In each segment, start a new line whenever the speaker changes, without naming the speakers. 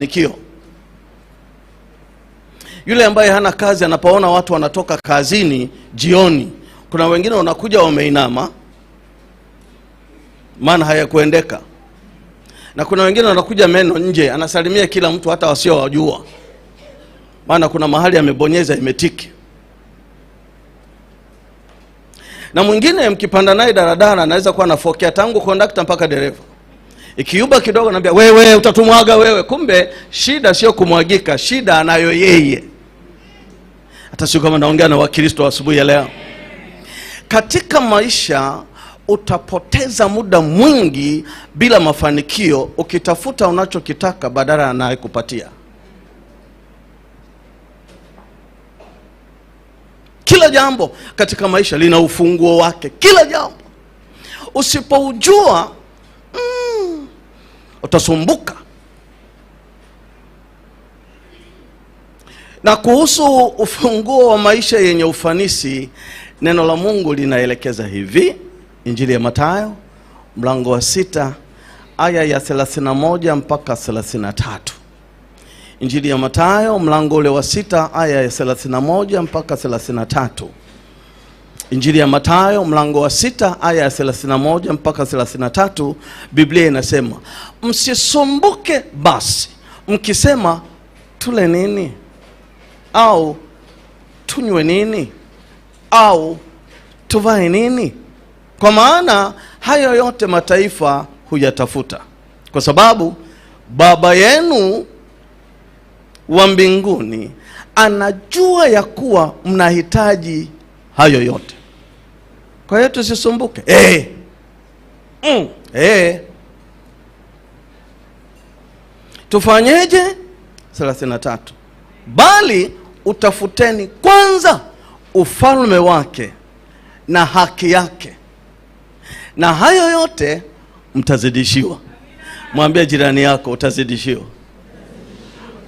Nikio. Yule ambaye hana kazi anapoona watu wanatoka kazini jioni, kuna wengine wanakuja wameinama, maana hayakuendeka, na kuna wengine wanakuja meno nje, anasalimia kila mtu, hata wasiowajua, maana kuna mahali amebonyeza imetiki. Na mwingine mkipanda naye daradara anaweza kuwa anafokea tangu kondakta mpaka dereva ikiuba kidogo, naambia wewe, utatumwaga wewe. Kumbe shida sio kumwagika, shida anayo yeye. Hata sio kama naongea na Wakristo asubuhi ya leo. Katika maisha utapoteza muda mwingi bila mafanikio, ukitafuta unachokitaka badala ya anayekupatia. Kila jambo katika maisha lina ufunguo wake, kila jambo usipoujua utasumbuka. Na kuhusu ufunguo wa maisha yenye ufanisi, neno la Mungu linaelekeza hivi, Injili ya matayo mlango wa sita aya ya 31 mpaka 33. Injili ya Mathayo mlango ule wa sita aya ya 31 mpaka 33. Injili ya Mathayo mlango wa sita aya ya 31 mpaka 33, Biblia inasema msisumbuke basi mkisema tule nini au tunywe nini au tuvae nini, kwa maana hayo yote mataifa huyatafuta, kwa sababu Baba yenu wa mbinguni anajua ya kuwa mnahitaji hayo yote. Kwa hiyo tusisumbuke eh. Mm. Eh. Tufanyeje? 33 bali utafuteni kwanza ufalme wake na haki yake, na hayo yote mtazidishiwa. Mwambie jirani yako utazidishiwa.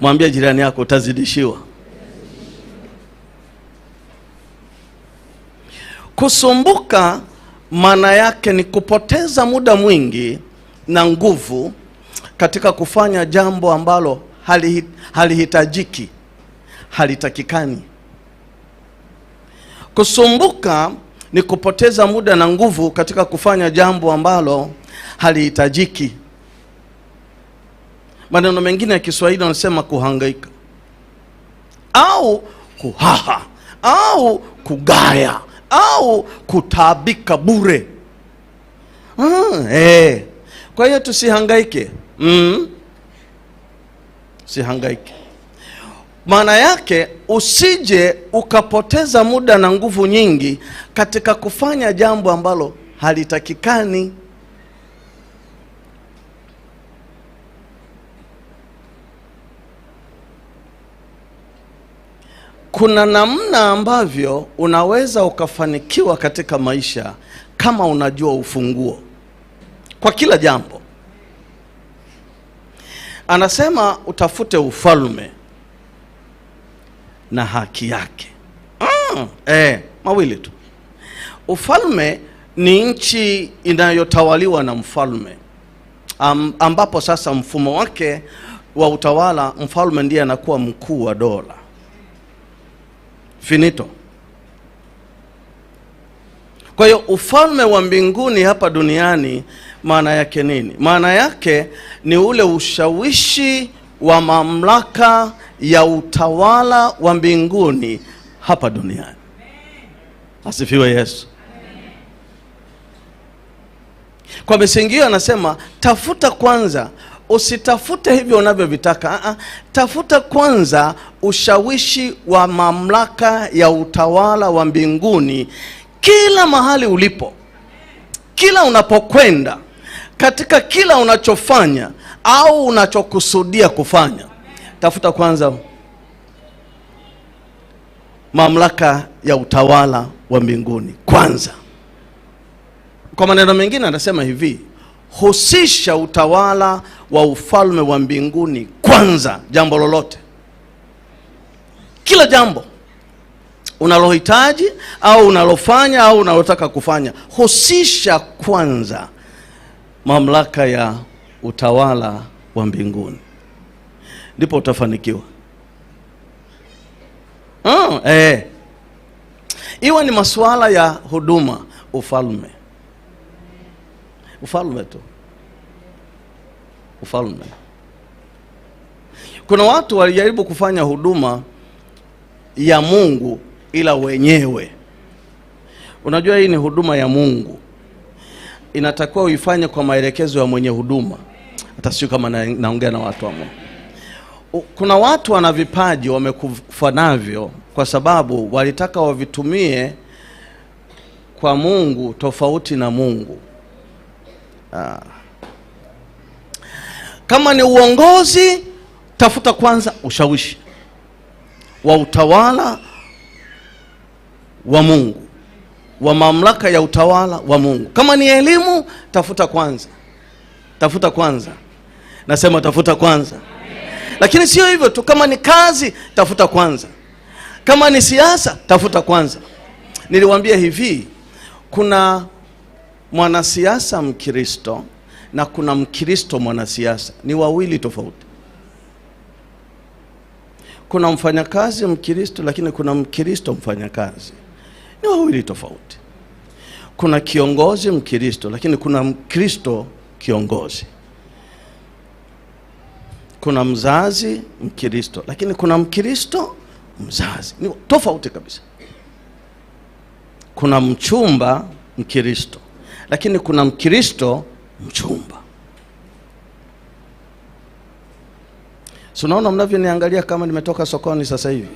Mwambie jirani yako utazidishiwa. Kusumbuka maana yake ni kupoteza muda mwingi na nguvu katika kufanya jambo ambalo halihitajiki, halitakikani. Kusumbuka ni kupoteza muda na nguvu katika kufanya jambo ambalo halihitajiki. Maneno mengine ya Kiswahili wanasema kuhangaika au kuhaha au kugaya au kutaabika bure. Hmm, eh. Kwa hiyo tusihangaike, mm. Sihangaike maana yake usije ukapoteza muda na nguvu nyingi katika kufanya jambo ambalo halitakikani. kuna namna ambavyo unaweza ukafanikiwa katika maisha kama unajua ufunguo kwa kila jambo. Anasema utafute ufalme na haki yake. Mm, eh, mawili tu. Ufalme ni nchi inayotawaliwa na mfalme Am, ambapo sasa mfumo wake wa utawala, mfalme ndiye anakuwa mkuu wa dola finito. Kwa hiyo ufalme wa mbinguni hapa duniani maana yake nini? Maana yake ni ule ushawishi wa mamlaka ya utawala wa mbinguni hapa duniani. Asifiwe Yesu. Kwa misingi anasema tafuta kwanza Usitafute hivyo unavyovitaka. Ah, ah. tafuta kwanza ushawishi wa mamlaka ya utawala wa mbinguni kila mahali ulipo, kila unapokwenda, katika kila unachofanya au unachokusudia kufanya. Tafuta kwanza mamlaka ya utawala wa mbinguni kwanza. Kwa maneno mengine anasema hivi husisha utawala wa ufalme wa mbinguni kwanza, jambo lolote, kila jambo unalohitaji au unalofanya au unalotaka kufanya, husisha kwanza mamlaka ya utawala wa mbinguni, ndipo utafanikiwa. Oh, eh. iwa ni masuala ya huduma, ufalme Ufalme tu, ufalme. Kuna watu walijaribu kufanya huduma ya Mungu ila wenyewe. Unajua, hii ni huduma ya Mungu, inatakiwa uifanye kwa maelekezo ya mwenye huduma. Hata sio kama naongea na watu wa Mungu. Kuna watu wana vipaji wamekufa navyo, kwa sababu walitaka wavitumie kwa Mungu tofauti na Mungu. Kama ni uongozi, tafuta kwanza ushawishi wa utawala wa Mungu, wa mamlaka ya utawala wa Mungu. Kama ni elimu, tafuta kwanza, tafuta kwanza, nasema tafuta kwanza. Lakini sio hivyo tu, kama ni kazi, tafuta kwanza. Kama ni siasa, tafuta kwanza. niliwambia hivi kuna mwanasiasa Mkristo na kuna Mkristo mwanasiasa, ni wawili tofauti. Kuna mfanyakazi Mkristo, lakini kuna Mkristo mfanyakazi, ni wawili tofauti. Kuna kiongozi Mkristo, lakini kuna Mkristo kiongozi. Kuna mzazi Mkristo, lakini kuna Mkristo mzazi, ni tofauti kabisa. Kuna mchumba Mkristo lakini kuna Mkristo mchumba. Si mnavyoniangalia kama nimetoka sokoni sasa hivi?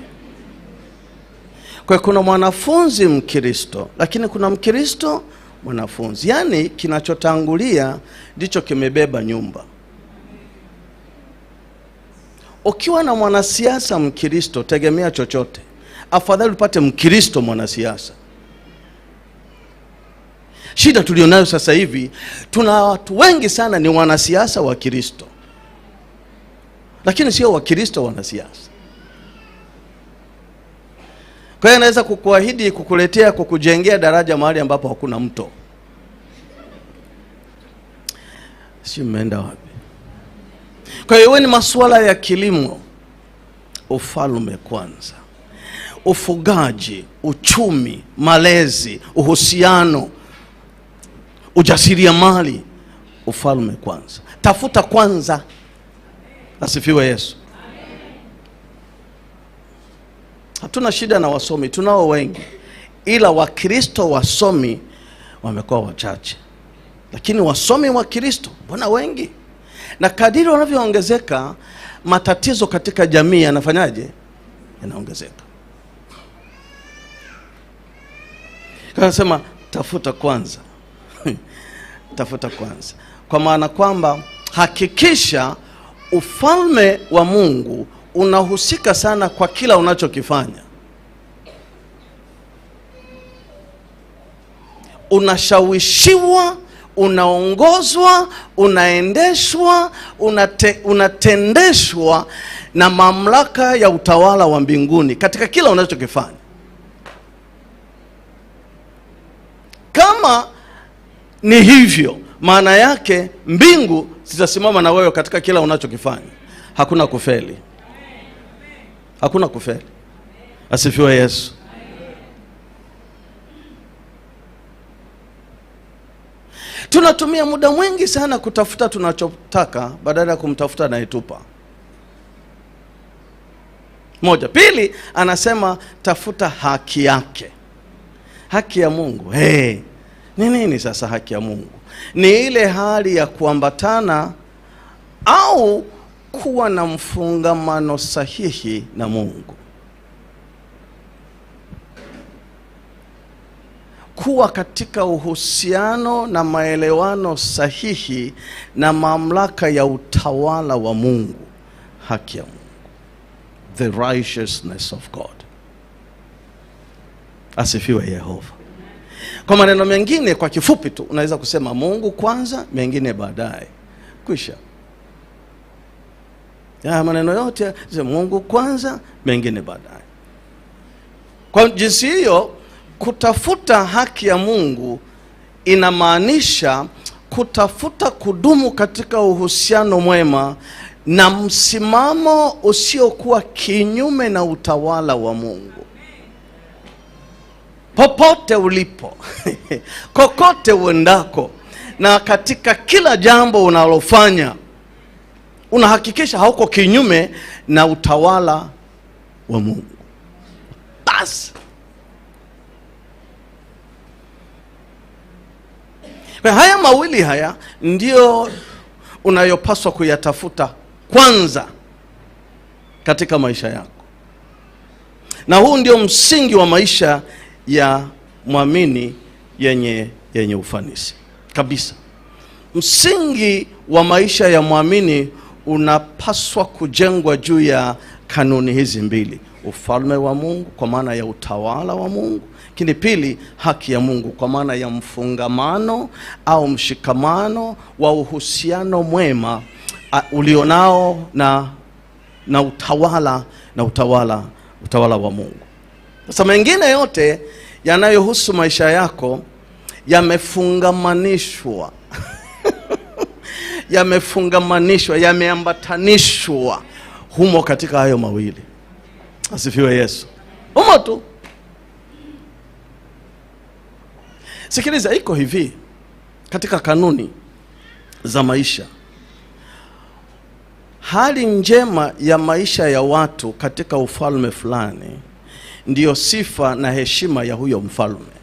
Kwa kuna mwanafunzi Mkristo, lakini kuna Mkristo mwanafunzi, yaani kinachotangulia ndicho kimebeba nyumba. Ukiwa na mwanasiasa Mkristo, tegemea chochote, afadhali upate Mkristo mwanasiasa Shida tulionayo sasa hivi, tuna watu wengi sana ni wanasiasa wa Kristo, lakini sio Wakristo wanasiasa. Kwa hiyo anaweza kukuahidi kukuletea, kukujengea daraja mahali ambapo hakuna mto. Si mmeenda wapi? Kwa hiyo ni masuala ya kilimo, ufalme kwanza, ufugaji, uchumi, malezi, uhusiano ujasiriamali, ufalme kwanza, tafuta kwanza. Asifiwe Yesu. Hatuna shida na wasomi, tunao wengi, ila Wakristo wasomi wamekuwa wachache, lakini wasomi wa Kristo mbona wengi? Na kadiri wanavyoongezeka matatizo katika jamii yanafanyaje? Yanaongezeka. Kasema tafuta kwanza tafuta kwanza, kwa maana kwamba hakikisha ufalme wa Mungu unahusika sana kwa kila unachokifanya. Unashawishiwa, unaongozwa, unaendeshwa, unate, unatendeshwa na mamlaka ya utawala wa mbinguni katika kila unachokifanya kama ni hivyo, maana yake mbingu zitasimama na wewe katika kila unachokifanya. Hakuna kufeli, hakuna kufeli. Asifiwe Yesu. Tunatumia muda mwingi sana kutafuta tunachotaka badala ya kumtafuta anayetupa. Moja. Pili, anasema tafuta haki yake, haki ya Mungu. Hey. Ni nini sasa haki ya Mungu? Ni ile hali ya kuambatana au kuwa na mfungamano sahihi na Mungu, kuwa katika uhusiano na maelewano sahihi na mamlaka ya utawala wa Mungu, haki ya Mungu, the righteousness of God. Asifiwe Yehova. Kwa maneno mengine, kwa kifupi tu, unaweza kusema Mungu kwanza, mengine baadaye. Kwisha. Ya maneno yote Mungu kwanza, mengine baadaye. Kwa jinsi hiyo, kutafuta haki ya Mungu inamaanisha kutafuta kudumu katika uhusiano mwema na msimamo usiokuwa kinyume na utawala wa Mungu popote ulipo kokote uendako, na katika kila jambo unalofanya unahakikisha hauko kinyume na utawala wa Mungu. Basi haya mawili haya ndio unayopaswa kuyatafuta kwanza katika maisha yako, na huu ndio msingi wa maisha ya mwamini yenye, yenye ufanisi kabisa. Msingi wa maisha ya mwamini unapaswa kujengwa juu ya kanuni hizi mbili: ufalme wa Mungu kwa maana ya utawala wa Mungu, lakini pili, haki ya Mungu kwa maana ya mfungamano au mshikamano wa uhusiano mwema uh, ulionao na, na utawala na utawala utawala wa Mungu. Sasa mengine yote yanayohusu maisha yako yamefungamanishwa yamefungamanishwa, yameambatanishwa humo katika hayo mawili. Asifiwe Yesu. Humo tu. Sikiliza, iko hivi katika kanuni za maisha. Hali njema ya maisha ya watu katika ufalme fulani ndiyo sifa na heshima ya huyo mfalme.